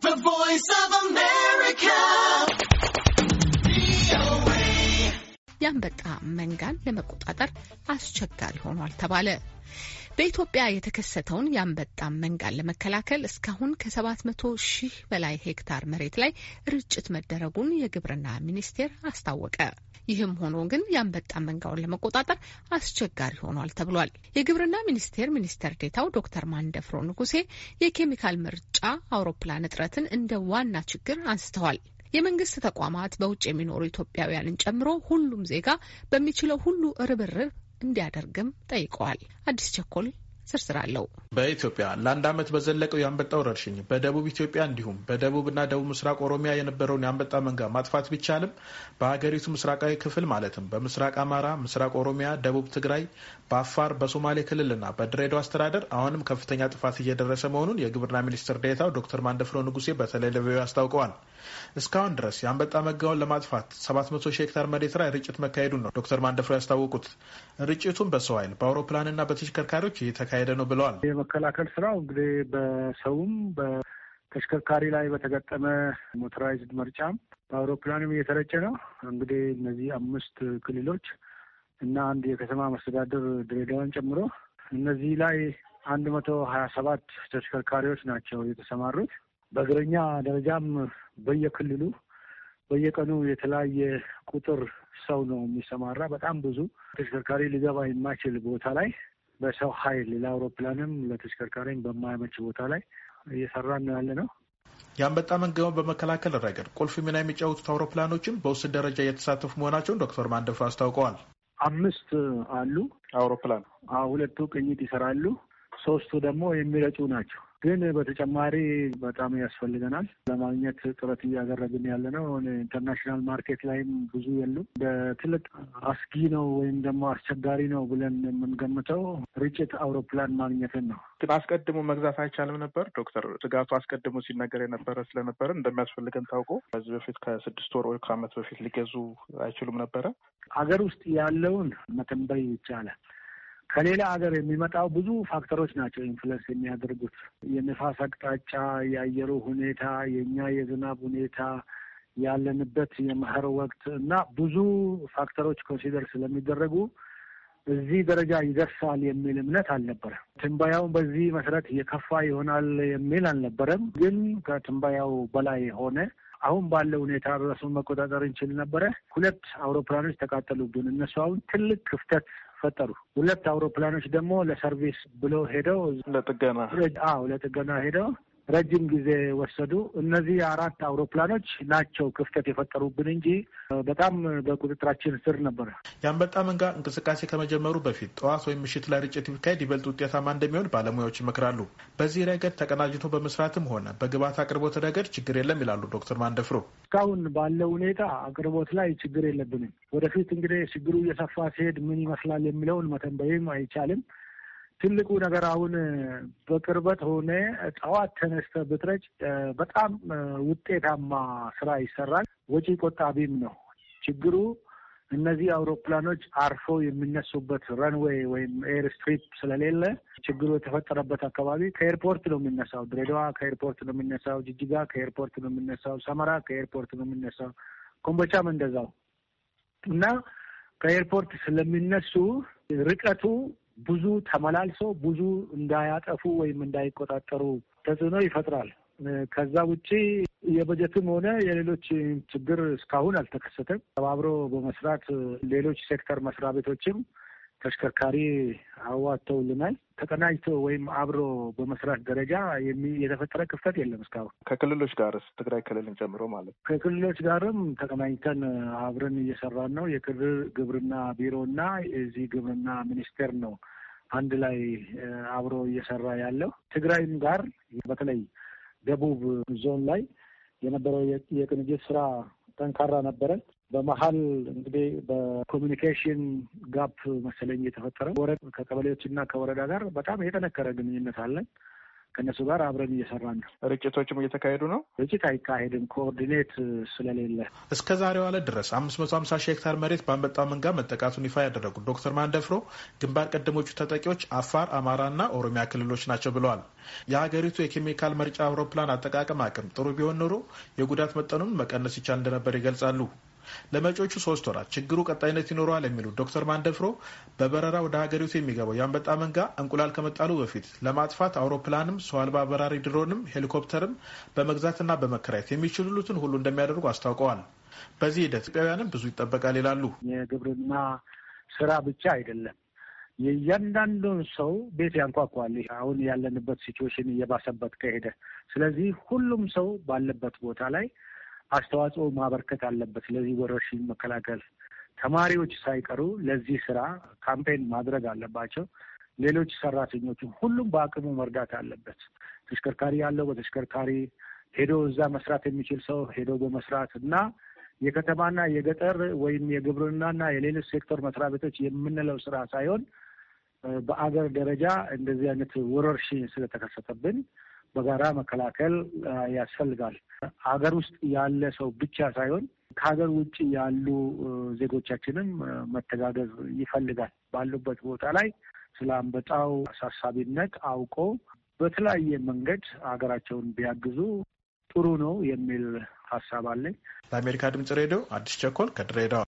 The Voice of America. የአንበጣ መንጋን ለመቆጣጠር አስቸጋሪ ሆኗል ተባለ። በኢትዮጵያ የተከሰተውን የአንበጣ መንጋን ለመከላከል እስካሁን ከ700 ሺህ በላይ ሄክታር መሬት ላይ ርጭት መደረጉን የግብርና ሚኒስቴር አስታወቀ። ይህም ሆኖ ግን የአንበጣ መንጋውን ለመቆጣጠር አስቸጋሪ ሆኗል ተብሏል። የግብርና ሚኒስቴር ሚኒስትር ዴታው ዶክተር ማንደፍሮ ንጉሴ የኬሚካል ምርጫ አውሮፕላን እጥረትን እንደ ዋና ችግር አንስተዋል። የመንግስት ተቋማት በውጭ የሚኖሩ ኢትዮጵያውያንን ጨምሮ ሁሉም ዜጋ በሚችለው ሁሉ ርብርብ እንዲያደርግም ጠይቀዋል። አዲስ ቸኮል ዝርዝር አለው። በኢትዮጵያ ለአንድ ዓመት በዘለቀው የአንበጣ ወረርሽኝ በደቡብ ኢትዮጵያ እንዲሁም በደቡብና ደቡብ ምስራቅ ኦሮሚያ የነበረውን የአንበጣ መንጋ ማጥፋት ቢቻልም በሀገሪቱ ምስራቃዊ ክፍል ማለትም በምስራቅ አማራ፣ ምስራቅ ኦሮሚያ፣ ደቡብ ትግራይ፣ በአፋር፣ በሶማሌ ክልልና በድሬዳዋ አስተዳደር አሁንም ከፍተኛ ጥፋት እየደረሰ መሆኑን የግብርና ሚኒስትር ዴታው ዶክተር ማንደፍሮ ንጉሴ በተለይ ለቪኦኤ አስታውቀዋል። እስካሁን ድረስ የአንበጣ መንጋውን ለማጥፋት 700 ሺህ ሄክታር መሬት ላይ ርጭት መካሄዱን ነው ዶክተር ማንደፍሮ ያስታወቁት። ርጭቱን በሰው ኃይል በአውሮፕላንና በተሽከርካሪዎች እየተካሄደ ነው ብለዋል። የመከላከል ስራው እንግዲህ በሰውም በተሽከርካሪ ላይ በተገጠመ ሞተራይዝድ መርጫም በአውሮፕላንም እየተረጨ ነው። እንግዲህ እነዚህ አምስት ክልሎች እና አንድ የከተማ መስተዳደር ድሬዳዋን ጨምሮ እነዚህ ላይ አንድ መቶ ሀያ ሰባት ተሽከርካሪዎች ናቸው የተሰማሩት። በእግረኛ ደረጃም በየክልሉ በየቀኑ የተለያየ ቁጥር ሰው ነው የሚሰማራ። በጣም ብዙ ተሽከርካሪ ሊገባ የማይችል ቦታ ላይ በሰው ኃይል ለአውሮፕላንም ለተሽከርካሪም በማያመች ቦታ ላይ ነው ያለ ነው። የአንበጣ መንገዱን በመከላከል ረገድ ቁልፍ ሚና የሚጫወቱት አውሮፕላኖችም በውስን ደረጃ እየተሳተፉ መሆናቸውን ዶክተር ማንደፍሮ አስታውቀዋል። አምስት አሉ አውሮፕላን፣ ሁለቱ ቅኝት ይሰራሉ፣ ሶስቱ ደግሞ የሚረጩ ናቸው። ግን በተጨማሪ በጣም ያስፈልገናል። ለማግኘት ጥረት እያደረግን ያለ ነው። ኢንተርናሽናል ማርኬት ላይም ብዙ የሉም። በትልቅ አስጊ ነው ወይም ደግሞ አስቸጋሪ ነው ብለን የምንገምተው ርጭት አውሮፕላን ማግኘትን ነው። ግን አስቀድሞ መግዛት አይቻልም ነበር ዶክተር ስጋቱ አስቀድሞ ሲነገር የነበረ ስለነበረ እንደሚያስፈልገን ታውቆ ከዚህ በፊት ከስድስት ወር ወይ ከዓመት በፊት ሊገዙ አይችሉም ነበረ። ሀገር ውስጥ ያለውን መተንበይ ይቻላል። ከሌላ ሀገር የሚመጣው ብዙ ፋክተሮች ናቸው ኢንፍሉንስ የሚያደርጉት የንፋስ አቅጣጫ፣ የአየሩ ሁኔታ፣ የእኛ የዝናብ ሁኔታ፣ ያለንበት የመኸር ወቅት እና ብዙ ፋክተሮች ኮንሲደር ስለሚደረጉ እዚህ ደረጃ ይደርሳል የሚል እምነት አልነበረም። ትንባያውን በዚህ መሰረት የከፋ ይሆናል የሚል አልነበረም። ግን ከትንባያው በላይ ሆነ አሁን ባለው ሁኔታ ራሱን መቆጣጠር እንችል ነበረ። ሁለት አውሮፕላኖች ተቃጠሉብን። እነሱ አሁን ትልቅ ክፍተት ፈጠሩ። ሁለት አውሮፕላኖች ደግሞ ለሰርቪስ ብለው ሄደው ለጥገና አዎ ለጥገና ሄደው ረጅም ጊዜ ወሰዱ። እነዚህ አራት አውሮፕላኖች ናቸው ክፍተት የፈጠሩብን እንጂ በጣም በቁጥጥራችን ስር ነበረ። የአንበጣ መንጋ እንቅስቃሴ ከመጀመሩ በፊት ጠዋት ወይም ምሽት ላይ ርጭት ቢካሄድ ይበልጥ ውጤታማ እንደሚሆን ባለሙያዎች ይመክራሉ። በዚህ ረገድ ተቀናጅቶ በመስራትም ሆነ በግብዓት አቅርቦት ረገድ ችግር የለም ይላሉ ዶክተር ማንደፍሮ። እስካሁን ባለው ሁኔታ አቅርቦት ላይ ችግር የለብንም። ወደፊት እንግዲህ ችግሩ እየሰፋ ሲሄድ ምን ይመስላል የሚለውን መተንበይም አይቻልም። ትልቁ ነገር አሁን በቅርበት ሆነ ጠዋት ተነስተ ብትረጭ በጣም ውጤታማ ስራ ይሰራል። ወጪ ቆጣቢም ነው። ችግሩ እነዚህ አውሮፕላኖች አርፎ የሚነሱበት ረንዌይ ወይም ኤር ስትሪፕ ስለሌለ ችግሩ የተፈጠረበት አካባቢ ከኤርፖርት ነው የሚነሳው። ድሬዳዋ ከኤርፖርት ነው የሚነሳው። ጅጅጋ ከኤርፖርት ነው የሚነሳው። ሰመራ ከኤርፖርት ነው የሚነሳው። ኮምቦቻም እንደዛው እና ከኤርፖርት ስለሚነሱ ርቀቱ ብዙ ተመላልሶ ብዙ እንዳያጠፉ ወይም እንዳይቆጣጠሩ ተጽዕኖ ይፈጥራል። ከዛ ውጪ የበጀትም ሆነ የሌሎች ችግር እስካሁን አልተከሰተም። ተባብሮ በመስራት ሌሎች ሴክተር መስሪያ ቤቶችም ተሽከርካሪ አዋጥተውልናል። ተቀናጅቶ ወይም አብሮ በመስራት ደረጃ የተፈጠረ ክፍተት የለም እስካሁን። ከክልሎች ጋርስ ትግራይ ክልልን ጨምሮ ማለት ከክልሎች ጋርም ተቀናጅተን አብረን እየሰራን ነው። የክልል ግብርና ቢሮ እና እዚህ ግብርና ሚኒስቴር ነው አንድ ላይ አብሮ እየሰራ ያለው። ትግራይም ጋር በተለይ ደቡብ ዞን ላይ የነበረው የቅንጅት ስራ ጠንካራ ነበረ። በመሀል እንግዲህ በኮሚኒኬሽን ጋፕ መሰለኝ የተፈጠረ ከቀበሌዎች ከቀበሌዎችና ከወረዳ ጋር በጣም የጠነከረ ግንኙነት አለን። ከእነሱ ጋር አብረን እየሰራን ነው። ርጭቶችም እየተካሄዱ ነው። ርጭት አይካሄድም፣ ኮኦርዲኔት ስለሌለ። እስከ ዛሬው ዕለት ድረስ አምስት መቶ ሀምሳ ሺህ ሄክታር መሬት በአንበጣ መንጋ መጠቃቱን ይፋ ያደረጉት ዶክተር ማንደፍሮ ግንባር ቀደሞቹ ተጠቂዎች አፋር፣ አማራ እና ኦሮሚያ ክልሎች ናቸው ብለዋል። የሀገሪቱ የኬሚካል መርጫ አውሮፕላን አጠቃቀም አቅም ጥሩ ቢሆን ኖሮ የጉዳት መጠኑን መቀነስ ይቻል እንደነበር ይገልጻሉ። ለመጪዎቹ ሶስት ወራት ችግሩ ቀጣይነት ይኖረዋል የሚሉት ዶክተር ማንደፍሮ በበረራ ወደ ሀገሪቱ የሚገባው የአንበጣ መንጋ እንቁላል ከመጣሉ በፊት ለማጥፋት አውሮፕላንም ሰው አልባ በራሪ ድሮንም ሄሊኮፕተርም በመግዛትና በመከራየት የሚችሉትን ሁሉ እንደሚያደርጉ አስታውቀዋል። በዚህ ሂደት ኢትዮጵያውያንም ብዙ ይጠበቃል ይላሉ። የግብርና ስራ ብቻ አይደለም የእያንዳንዱን ሰው ቤት ያንኳኳል። አሁን ያለንበት ሲትዌሽን እየባሰበት ከሄደ፣ ስለዚህ ሁሉም ሰው ባለበት ቦታ ላይ አስተዋጽኦ ማበርከት አለበት። ለዚህ ወረርሽኝ መከላከል ተማሪዎች ሳይቀሩ ለዚህ ስራ ካምፔን ማድረግ አለባቸው። ሌሎች ሰራተኞችም ሁሉም በአቅሙ መርዳት አለበት። ተሽከርካሪ ያለው በተሽከርካሪ ሄዶ እዛ መስራት የሚችል ሰው ሄዶ በመስራት እና የከተማና የገጠር ወይም የግብርናና የሌሎች ሴክተር መስሪያ ቤቶች የምንለው ስራ ሳይሆን በአገር ደረጃ እንደዚህ አይነት ወረርሽኝ ስለተከሰተብን በጋራ መከላከል ያስፈልጋል። ሀገር ውስጥ ያለ ሰው ብቻ ሳይሆን ከሀገር ውጭ ያሉ ዜጎቻችንም መተጋገዝ ይፈልጋል። ባሉበት ቦታ ላይ ስለ አንበጣው አሳሳቢነት አውቆ በተለያየ መንገድ ሀገራቸውን ቢያግዙ ጥሩ ነው የሚል ሀሳብ አለኝ። ለአሜሪካ ድምጽ ሬዲዮ አዲስ ቸኮል ከድሬዳዋ